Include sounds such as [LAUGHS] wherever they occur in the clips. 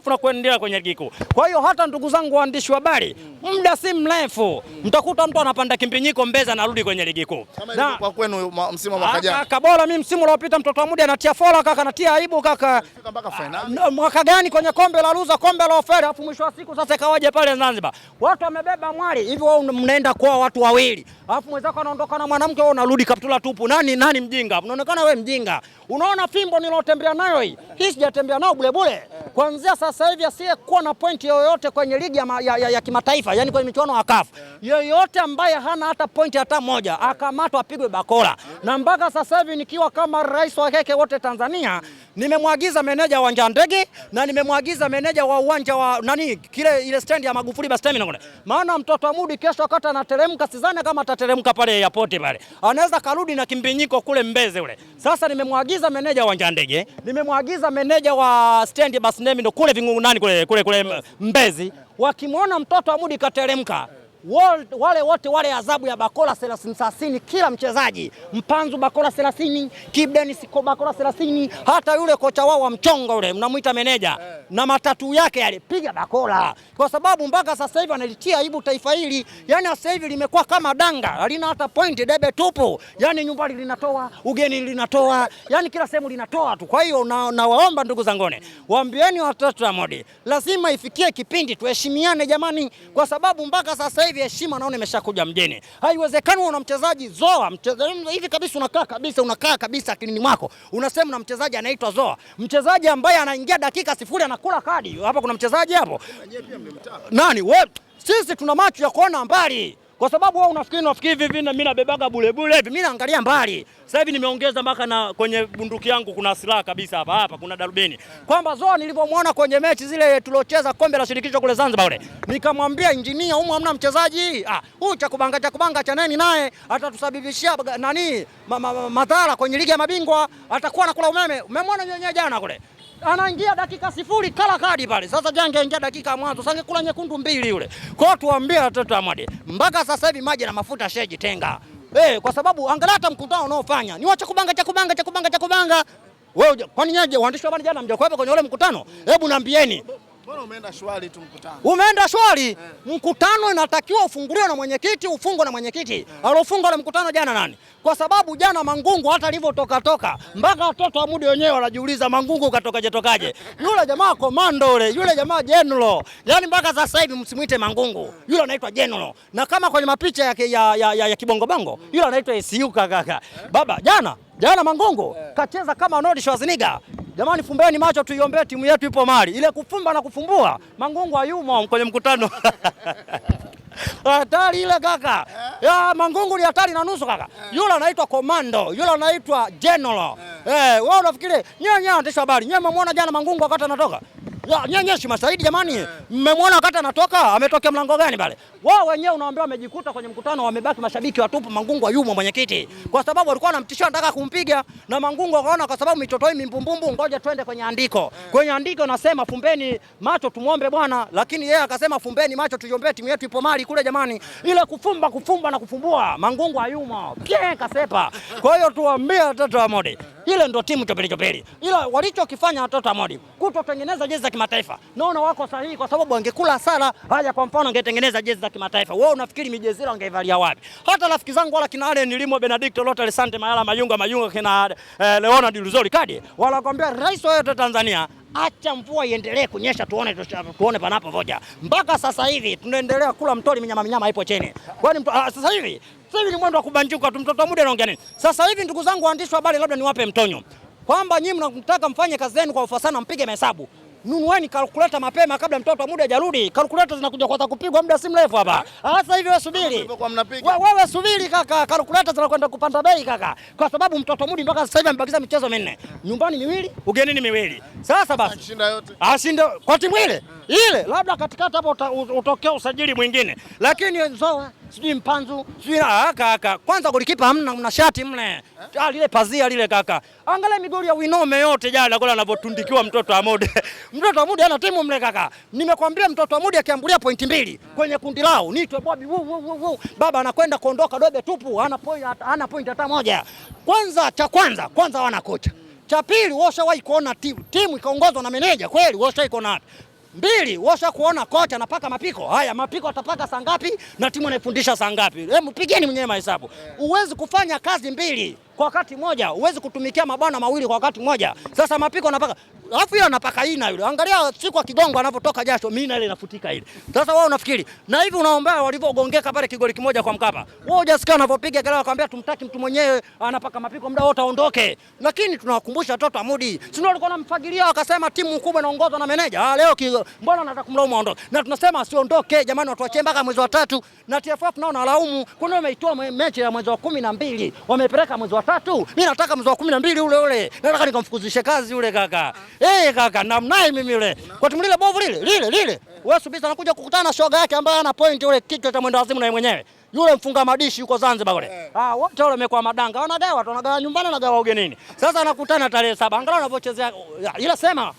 COP na kuendelea kwenye ligi kuu. Kwa hiyo hata ndugu zangu waandishi wa habari muda si mrefu mtakuta mtu anapanda kimbinyiko Mbeza narudi kwenye ligi kuu. Kwa kwenu msimu wa mwaka ah, jana kaka bora, mimi msimu uliopita mtoto wa muda anatia fora kaka, anatia aibu kaka, Fika mpaka finali ah, mwaka gani kwenye kombe la Luza, kombe la Ofere, afu mwisho wa siku sasa kawaje pale Zanzibar, watu wamebeba mwali hivi, wao mnaenda kwa watu wawili, afu mwenzako anaondoka na mwanamke, wao unarudi kaptula tupu. Nani nani mjinga? Unaonekana wewe mjinga. Unaona fimbo nilotembea nayo hii hii, sijatembea nayo bule. Eh. Kuanzia sasa hivi asiye kuwa na pointi yoyote kwenye ligi ya, ya, ya, ya kimataifa yani kwenye michuano ya CAF yeah. Yoyote ambaye hana hata pointi hata moja yeah. akamatwa apigwe bakora yeah. Na mpaka sasa hivi nikiwa kama rais wa keke wote Tanzania mm. Nimemwagiza meneja wa uwanja wa ndege na nimemwagiza meneja wa uwanja wa nani kile ile stand ya Magufuli basi terminal yeah. Maana mtoto wa Mudi kesho akata anateremka, sidhani kama atateremka pale yapoti pale, anaweza karudi na kimbinyiko kule Mbeze ule. Sasa nimemwagiza meneja wa uwanja ndege, nimemwagiza meneja wa stendi basi terminal kule Vingungu nani kule kule kule Mbezi yeah wakimwona mtoto Mudi kateremka wale wote wale adhabu ya bakora 30 30 kila mchezaji mpanzu bakora 30 kibdeni siko bakora 30 hata yule kocha wao wa mchongo yule mnamuita meneja eh. na matatu yake yalipiga bakora, kwa sababu mpaka sasa hivi analitia aibu taifa hili. Yani sasa hivi limekuwa kama danga, halina hata point debe tupu. Yani nyumbani linatoa, ugeni linatoa, yani kila sehemu linatoa tu. Kwa hiyo nawaomba na ndugu zangone, waambieni watoto wa Modi, lazima ifikie kipindi tuheshimiane jamani, kwa sababu mpaka sasa hivi hivi heshima naona imeshakuja mjini. Haiwezekani una mchezaji Zoa, mchezaji hivi kabisa unakaa kabisa unakaa kabisa akilini mwako. Unasema na mchezaji anaitwa Zoa. Mchezaji ambaye anaingia dakika sifuri anakula kadi. Hapa kuna mchezaji hapo. Nani wewe? Sisi tuna macho ya kuona mbali. Kwa sababu wewe unafikiri unafikiri hivi mimi nabebaga bure bure hivi. Mimi naangalia mbali. Sasa hivi nimeongeza mpaka na kwenye bunduki yangu kuna silaha kabisa hapa hapa kuna darubini. Kwamba zoa nilivyomwona kwenye mechi zile tulocheza kombe la shirikisho kule Zanzibar ule. Nikamwambia injinia humu hamna mchezaji. Ah, huyu cha kubanga cha kubanga cha nani naye atatusababishia nani madhara kwenye ligi ya mabingwa atakuwa anakula umeme. Umemwona nyenye jana kule anaingia dakika sifuri kala kadi pale. Sasa jange ingia dakika ya mwanzo sange kula nyekundu mbili yule. Kwa tuambie watoto wa Mwade, mpaka sasa hivi maji na mafuta shejitenga eh, kwa sababu angalau hata mkutano unaofanya ni wacha kubanga cha kubanga cha kubanga cha kubanga. Wewe kwani nyaje waandishi wa habari jana mjakuwepo kwenye ule mkutano? Hebu naambieni Mbona umeenda shwari tu mkutano? Umeenda shwari? Eh. Mkutano inatakiwa ufunguliwe na mwenyekiti, ufungwe na mwenyekiti. Eh. Alofunga na mkutano jana nani? Kwa sababu jana Mangungu hata alivyotoka toka eh. mpaka watoto wa mudi wenyewe wanajiuliza Mangungu katokaje tokaje. Eh. Yule jamaa komando yule, yule jamaa general. Yaani mpaka sasa hivi msimuite Mangungu. Eh. Yule anaitwa general. Na kama kwenye mapicha ya ya, ya, ya, ya kibongo bongo, mm. yule anaitwa SU kaka. Baba jana Jana Mangungu yeah, kacheza kama Arnold Schwarzenegger. Jamani, fumbeni macho, tuiombee timu yetu, ipo mali ile. Kufumba na kufumbua, Mangungu hayumo kwenye mkutano [LAUGHS] hatari ile kaka ya Mangungu ni hatari na nusu kaka, yule anaitwa komando, yule anaitwa general. Eh, eh wewe unafikiri nyenye nyenye, habari, nyinyi mmemwona jana Mangungu wakati anatoka nyenyeshi mashahidi jamani, mmemwona wakati anatoka, ametokea mlango gani pale? Wao wenyewe unaambiwa wamejikuta kwenye mkutano, wamebaki mashabiki watupu. Mangungu ayumo mwenyekiti, kwa sababu walikuwa wanamtishia, wanataka kumpiga na Mangungu akaona, kwa sababu mitotoi mimbumbumbu, ngoja twende kwenye andiko. Kwenye andiko nasema fumbeni macho tumwombe Bwana, lakini yeye akasema fumbeni macho tuiombee timu yetu, ipo mali kule jamani. Ile kufumba kufumba na kufumbua, Mangungu ayumo pye kasepa. Kwa hiyo tuambie watoto wa Modi ile ndio timu chopeli chopeli, ila walichokifanya watoto Modi kutotengeneza jezi za kimataifa, naona wako sahihi, kwa sababu wangekula sala Haya, kwa mfano angetengeneza jezi za kimataifa, wewe unafikiri mijezi ile angeivalia wapi? Hata rafiki zangu wala kina wale nilimo Benedicto Lota, Lesante Mayala Mayunga Mayunga kina eh, Leona Diluzori kadi wala kwambia rais wa Tanzania acha mvua iendelee kunyesha, tuone tuone panapo voja. Mpaka sasa hivi tunaendelea kula mtori, minyama minyama haipo chini. Kwani ah, sasa hivi sasa hivi ni mwendo wa kubanjuka tu, mtoto muda anaongea nini? Sasa hivi, ndugu zangu waandishi wa habari, labda niwape mtonyo kwamba nyinyi mnataka mfanye kazi yenu kwa ufasaha mpige mahesabu. Nunueni kalkuleta mapema kabla mtoto muda hajarudi. Kalkuleta zinakuja kwa kupigwa muda si mrefu hapa. Ah, sasa hivi wewe subiri. Wewe subiri kaka, kalkuleta zinakwenda kupanda bei kaka. Kwa sababu mtoto mudi mpaka sasa hivi amebakiza michezo minne. Nyumbani miwili, ugenini miwili. Sasa basi. Ashinda yote. Ashinda ah, kwa timu ile. Hmm. Ile labda katikati hapo utokea usajili mwingine. Lakini zoa sijui mpanzu sijui ah, kaka, kwanza golikipa hamna, mna shati mle eh? ah, lile pazia lile kaka, angalia migoli ya Winome yote jana kule anapotundikiwa mtoto wa Amudi [LAUGHS] mtoto wa Amudi ana timu mle kaka, nimekwambia mtoto wa Amudi akiambulia pointi mbili kwenye kundi lao niitwe Bobi wu, wu, wu, wu. baba anakwenda kuondoka dobe tupu, ana point ana point hata moja. Kwanza cha kwanza kwanza wana kocha cha pili, washawahi kuona timu timu ikaongozwa na meneja kweli? Washawahi kuona wapi? Mbili, washa kuona kocha anapaka mapiko haya, mapiko atapaka saa ngapi na timu anaifundisha saa ngapi? Hebu pigeni mwenyewe mahesabu. Huwezi kufanya kazi mbili kwa wakati mmoja, huwezi kutumikia mabwana mawili kwa wakati mmoja. Sasa Mapiko anapaka alafu yule anapaka ina yule, angalia siku akigongwa anavyotoka jasho, mimi na ile inafutika ile. Sasa wewe unafikiri na hivi unaombea walivyogongeka pale kigoli kimoja kwa Mkapa, wewe hujasikia anavyopiga kelele, akamwambia tumtaki mtu mwenyewe, anapaka Mapiko muda wote aondoke. Lakini tunawakumbusha toto amudi, si ndio alikuwa anamfagilia akasema timu kubwa inaongozwa na meneja ah, leo kigo, mbona anataka kumlaumu aondoke? Na tunasema asiondoke, jamani, watu wachemba kama mwezi wa tatu, na TFF nao wanalaumu, kuna wameitoa mechi ya mwezi wa 12 wamepeleka mwezi wa tatu, Mimi nataka mzee wa kumi na mbili ule ule, nataka nikamfukuzishe kazi ule kaka. Eh kaka, namnaye mimi ule. kwa timu lile bovu lile lile lile, wewe subiri, anakuja kukutana na shoga yake ambaye ana point ule kichwa cha mwendo wazimu na yeye mwenyewe yule mfunga madishi yuko Zanzibar ule. Eh. Ah, wote wale wamekuwa madanga. Wanagawa, tunagawa nyumbani wanagawa ugenini. Sasa anakutana tarehe saba. Angalau anapochezea ila sema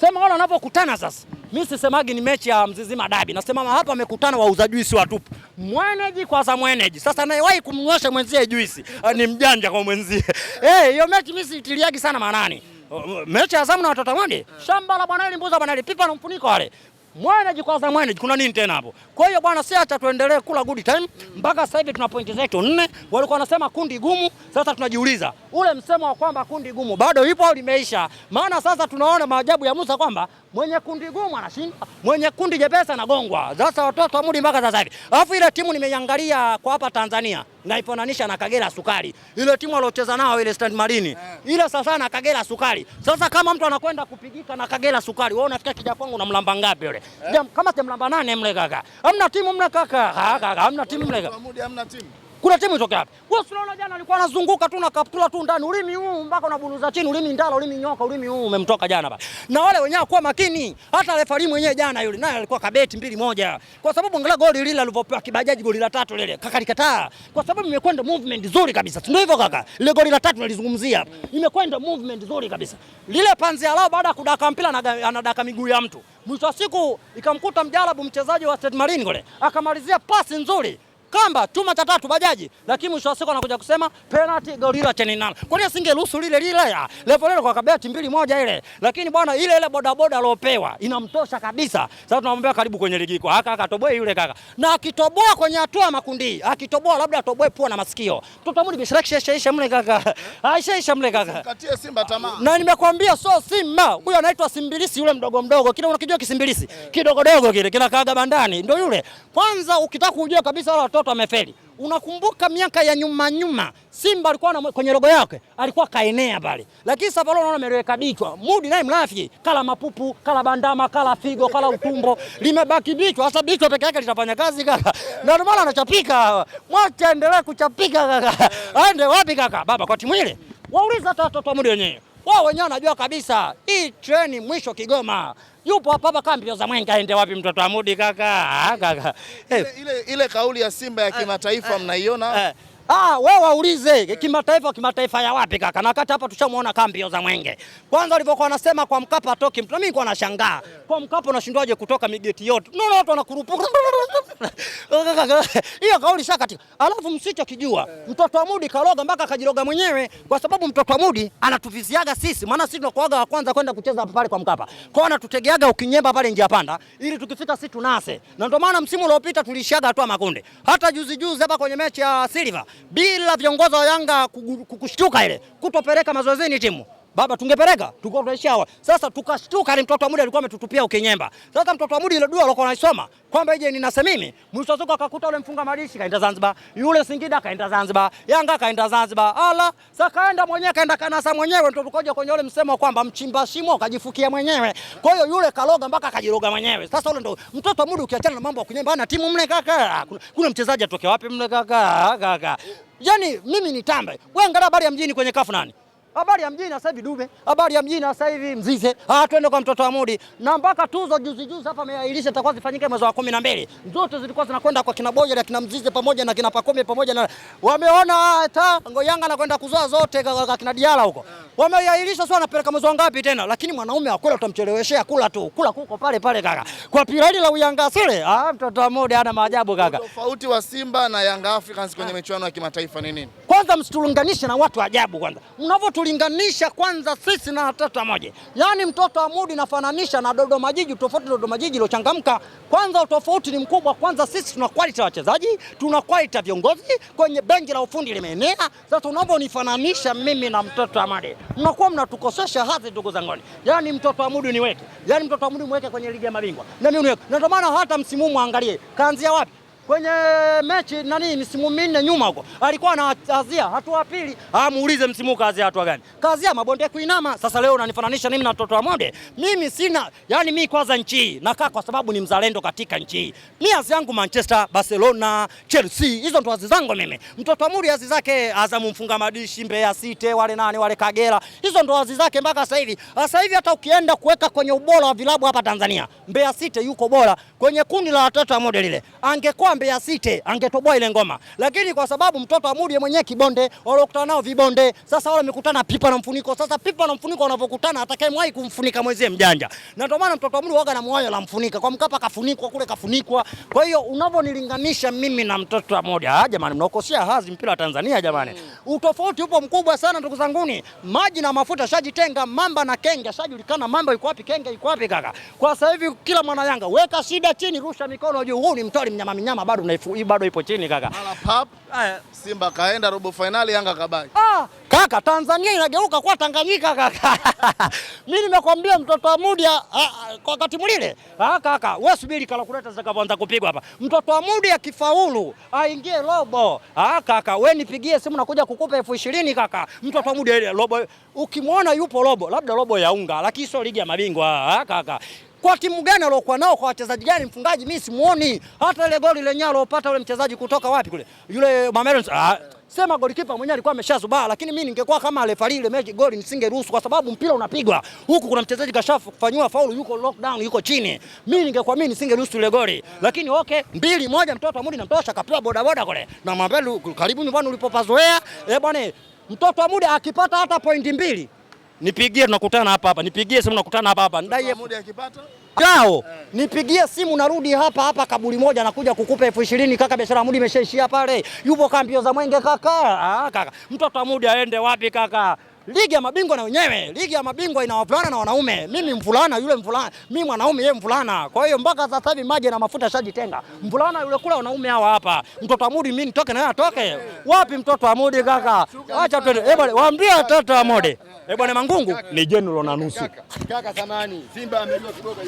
sema wale wanapokutana sasa. Mimi sisemagi ni mechi ya Mzizima Dabi. Nasema hapa wamekutana wauza juisi watupu mweneji za mweneji sasa anayewahi kumnyosha mwenzie juisi ah, ni mjanja kwa mwenzie. Eh, hiyo mechi mimi siitiliagi sana maanani. Oh, mechi ya Azamu na watoto wangu, eh. shamba la bwana ile mbuzi bwana ile pipa na mfuniko wale mwana jikwaza mwana, kuna nini tena hapo? Kwa hiyo bwana, siacha tuendelee kula good time mpaka sasa hivi tuna pointi zetu nne. Walikuwa wanasema kundi gumu, sasa tunajiuliza ule msemo wa kwamba kundi gumu bado ipo au limeisha? Maana sasa tunaona maajabu ya Musa kwamba mwenye kundi gumu anashinda, mwenye kundi jepesa anagongwa. Sasa watoto amudi mpaka sasa hivi, alafu ile timu nimeiangalia kwa hapa Tanzania naipananisha na Kagera Sukari, ile timu aliocheza nao ile Stand Marini eh. ile sasa na Kagera Sukari. Sasa kama mtu anakwenda kupigika na Kagera Sukari, wewe unafikia kijapongo na mlamba ngapi yule? Kama mnamba nane mle kaka. Hamna timu mle kaka. Hamna timu mle kaka. Hamna timu. Kuna timu itoke wapi? Wewe unaona jana alikuwa anazunguka tu na kaptula tu ndani, ulimi huu mpaka unaburuza chini, ulimi ndala, ulimi nyoka, ulimi huu umemtoka jana baba. Na wale wenyewe kwa makini, hata refari mwenyewe jana yule naye alikuwa kabeti mbili moja. Kwa sababu angalia goli lile alipopewa kibajaji goli la tatu lile, kaka likataa. Kwa sababu imekwenda movement nzuri kabisa. Ndio hivyo kaka. Lile goli la tatu nalizungumzia hapa. Imekwenda movement nzuri kabisa. Lile panzi alao baada ya kudaka mpira anadaka miguu ya mtu. Mwisho wa siku ikamkuta mjarabu mchezaji wa Stade Marine kule. Akamalizia pasi nzuri kamba tu mata tatu bajaji, lakini mwisho wa siku anakuja kusema penalty goli la cheni nana. Kwa nini asingeruhusu lile lile ya level ile kwa kabeti mbili moja ile? Lakini bwana, ile ile bodaboda alopewa inamtosha kabisa. Sasa tunamwambia karibu kwenye ligi kwa haka akatoboe yule kaka, na akitoboa kwenye hatua makundi, akitoboa labda atoboe pua na masikio, mtoto mudi bishirakisha isha mle kaka, eh? aisha isha mle kaka, katie Simba tamaa. Na nimekwambia so Simba huyo anaitwa simbilisi yule mdogo mdogo, kile unakijua kisimbilisi eh. kidogo dogo kile kinakaaga bandani, ndio yule. Kwanza ukitaka kujua kabisa wala watoto watoto wamefeli. Unakumbuka miaka ya nyuma nyuma, Simba alikuwa na kwenye rogo yake alikuwa kaenea pale, lakini sasa leo naona ameweka bichwa mudi naye mlafi kala mapupu kala bandama kala figo kala utumbo limebaki bichwa. Sasa bichwa peke yake litafanya kazi kaka? Na Ndio maana anachapika, mwache endelee kuchapika kaka, aende wapi kaka? Baba kwa timu ile wauliza hata watoto wa mudi wenyewe wao wenyewe wanajua kabisa hii treni mwisho Kigoma yupo hapa hapa kambi za Mwenge, aende wapi mtoto wa Mudi kaka? Ah, kaka, ile, ile, ile kauli ya Simba ya eh, kimataifa eh, mnaiona? Eh. Ah, wewe waulize eh. kimataifa, kimataifa ya wapi kaka? Na kata hapa tushamuona kambio za mwenge. Kwanza walivyokuwa wanasema kwa Mkapa atoki mtu, mimi nilikuwa nashangaa eh. kwa Mkapa unashindwaje kutoka migeti yote? Unaona watu wanakurupuka [LAUGHS] hiyo kauli shaka katika, alafu msicho kijua. Eh. mtoto wa Mudi kaloga mpaka akajiloga mwenyewe, kwa sababu mtoto wa Mudi anatuviziaga sisi, maana sisi tunakuaga wa kwanza kwenda kucheza pale kwa Mkapa, kwa hiyo anatutegeaga ukinyemba pale njia panda, ili tukifika sisi tunase, na ndio maana msimu uliopita tulishaga hatua makunde. Hata juzi juzi hapa kwenye mechi ya Silver bila viongozi wa Yanga kukushtuka ile kutopeleka mazoezini timu baba, tungepeleka tulikuwa tunaishi hawa. Sasa tukashtuka ni mtoto wa Mudi alikuwa ametutupia ukinyemba. Sasa mtoto wa Mudi ile dua alikuwa anasoma kwamba ije ninase mimi mwisho siku akakuta yule mfunga malishi kaenda Zanzibar, yule Singida kaenda Zanzibar, Yanga kaenda Zanzibar, ala sasa kaenda mwenyewe kaenda kanasa mwenyewe, ndio tukoje kwenye yule msemo kwamba mchimba shimo kajifukia mwenyewe. Kwa hiyo yule kaloga mpaka kajiroga mwenyewe. Sasa yule ndio mtoto wa Mudi, ukiachana na mambo ya kunyemba, ana timu mle kaka, kuna mchezaji atoke wapi mle kaka kaka, Yaani mimi nitambe wewe, angalia habari ya mjini kwenye kafu nani habari ya mjini sasa hivi dume, habari ya mjini sasa hivi mzize. Ah, twende kwa mtoto wa Mudi. Na mpaka tuzo juzi juzi hapa ameahirisha zitakuwa zifanyike mwezi wa 12. Zote zilikuwa zinakwenda kwa kina Boja na kina Mzize pamoja na kina Pakome pamoja na wameona ah, hata ngo Yanga anakwenda kuzoa zote kwa kina Diala huko. Eh. Wameahirisha sio anapeleka mwezi ngapi tena? Lakini mwanaume wa kweli utamcheleweshea kula tu. Kula kuko pale pale kaka. Kwa pirali la Uyanga sile. Ah, mtoto wa Mudi ana maajabu kaka. Tofauti wa Simba na Yanga Africans kwenye eh. michuano ya kimataifa ni nini? Kwanza msitulunganishe na watu ajabu kwanza. Mnavyo kutulinganisha kwanza sisi na Tata moja, yaani mtoto wa Mudi nafananisha na Dodoma Jiji, tofauti Dodoma Jiji lochangamka. Kwanza utofauti ni mkubwa. Kwanza sisi tuna quality wachezaji, tuna quality viongozi, kwenye benchi la ufundi limeenea. Sasa unaomba mimi na mtoto wa Mudi, mnakuwa mnatukosesha hadhi, ndugu zangu. Yaani mtoto wa Mudi niweke, yaani mtoto wa Mudi mweke kwenye ligi ya mabingwa na mimi niweke, na ndio maana hata msimu mwangalie kaanzia wapi kwenye mechi nani msimu minne nyuma huko alikuwa anawazia hatua pili. Amuulize muulize msimu kazia hatua gani? Kazia mabonde kuinama. Sasa leo unanifananisha mimi na mtoto wa monde? Mimi sina yani, mimi kwanza nchi hii nakaa kwa sababu ni mzalendo katika nchi hii. Mimi azi yangu Manchester, Barcelona, Chelsea, hizo ndo azi zangu mimi. Mtoto wa muri azi zake Azam, mfunga madishi, Mbeya City, wale nani wale Kagera, hizo ndo azi zake mpaka sasa hivi. Sasa hivi hata ukienda kuweka kwenye ubora wa vilabu hapa Tanzania, Mbeya City yuko bora kwenye kundi la watoto wa monde lile, angekuwa Mbeya City angetoboa ile ngoma, lakini kwa sababu mtoto amudie mwenyewe kibonde, waliokutana nao vibonde. Sasa wale wamekutana pipa na mfuniko. Sasa pipa na mfuniko wanapokutana, atakayemwahi kumfunika mwezie mjanja, na ndio maana mtoto amudi waga na mwayo la mfunika kwa Mkapa kafunikwa kule, kafunikwa. Kwa hiyo unavonilinganisha mimi na mtoto amudie, ah, jamani, mnakosea hazi mpira wa Tanzania jamani. Mm. Utofauti upo mkubwa sana ndugu zanguni, maji na mafuta shajitenga, mamba na kenge shajulikana. Mamba yuko wapi? Kenge yuko wapi? Kaka, kwa sasa hivi kila mwana Yanga weka shida chini, rusha mikono juu, huu ni mtori mnyama mnyama bado naifu hii bado ipo chini kaka. Pap, Simba kaenda robo finali, Yanga kabaki. Ah, kaka Tanzania inageuka kwa Tanganyika kaka. [LAUGHS] Mimi nimekwambia mtoto wa Mudia kwa wakati mlile. Ah kaka, wewe subiri kala kalkuleta zitakapoanza kupigwa hapa. Mtoto wa Mudia kifaulu aingie robo. Ah kaka, wewe nipigie simu nakuja kukupa elfu ishirini kaka. Mtoto wa Mudia eh, robo ukimwona yupo robo, labda robo ya unga, lakini sio ligi ya mabingwa. Ah kaka. Kwa timu gani aliokuwa nao, kwa wachezaji gani, mfungaji mimi simuoni. Hata ile goli lenyewe alopata ule mchezaji kutoka wapi kule, yule Mamelon ah, sema golikipa mwenyewe alikuwa ameshazubaa, lakini mimi ningekuwa kama refari ile mechi goli nisingeruhusu, kwa sababu mpira unapigwa huku, kuna mchezaji kashafu kufanywa faulu, yuko lockdown, yuko chini. Mimi ningekuwa mimi nisingeruhusu ile goli, lakini okay, mbili moja, mtoto amudi namtosha, kapewa boda boda kule na Mamelon. Karibuni bwana, ulipopazoea eh bwana, mtoto amudi akipata hata pointi mbili nipigie, tunakutana hapa hapa, nipigie simu, nakutana hapa hapa Gao, eh. nipigie simu narudi hapa hapa kaburi moja nakuja kukupa elfu ishirini kaka, biashara mudi imeshaishia pale. Yupo kambio za mwenge kaka. Ah, kaka. Mtoto mudi aende wapi kaka? ligi ya mabingwa na wenyewe, ligi ya mabingwa ina wavulana na wanaume. Mimi mvulana, yule mvulana, mimi mwanaume, yeye mvulana. Kwa hiyo mpaka sasa hivi maji na mafuta shajitenga, mvulana yule kula, wanaume hawa hapa. Mtoto Amudi mimi nitoke na yeye atoke wapi? Mtoto Amudi kaka, acha twende. Eh bwana, waambie mtoto Amudi, eh bwana, Mangungu ni general na nusu. Kaka samani, Simba amejua kidogo.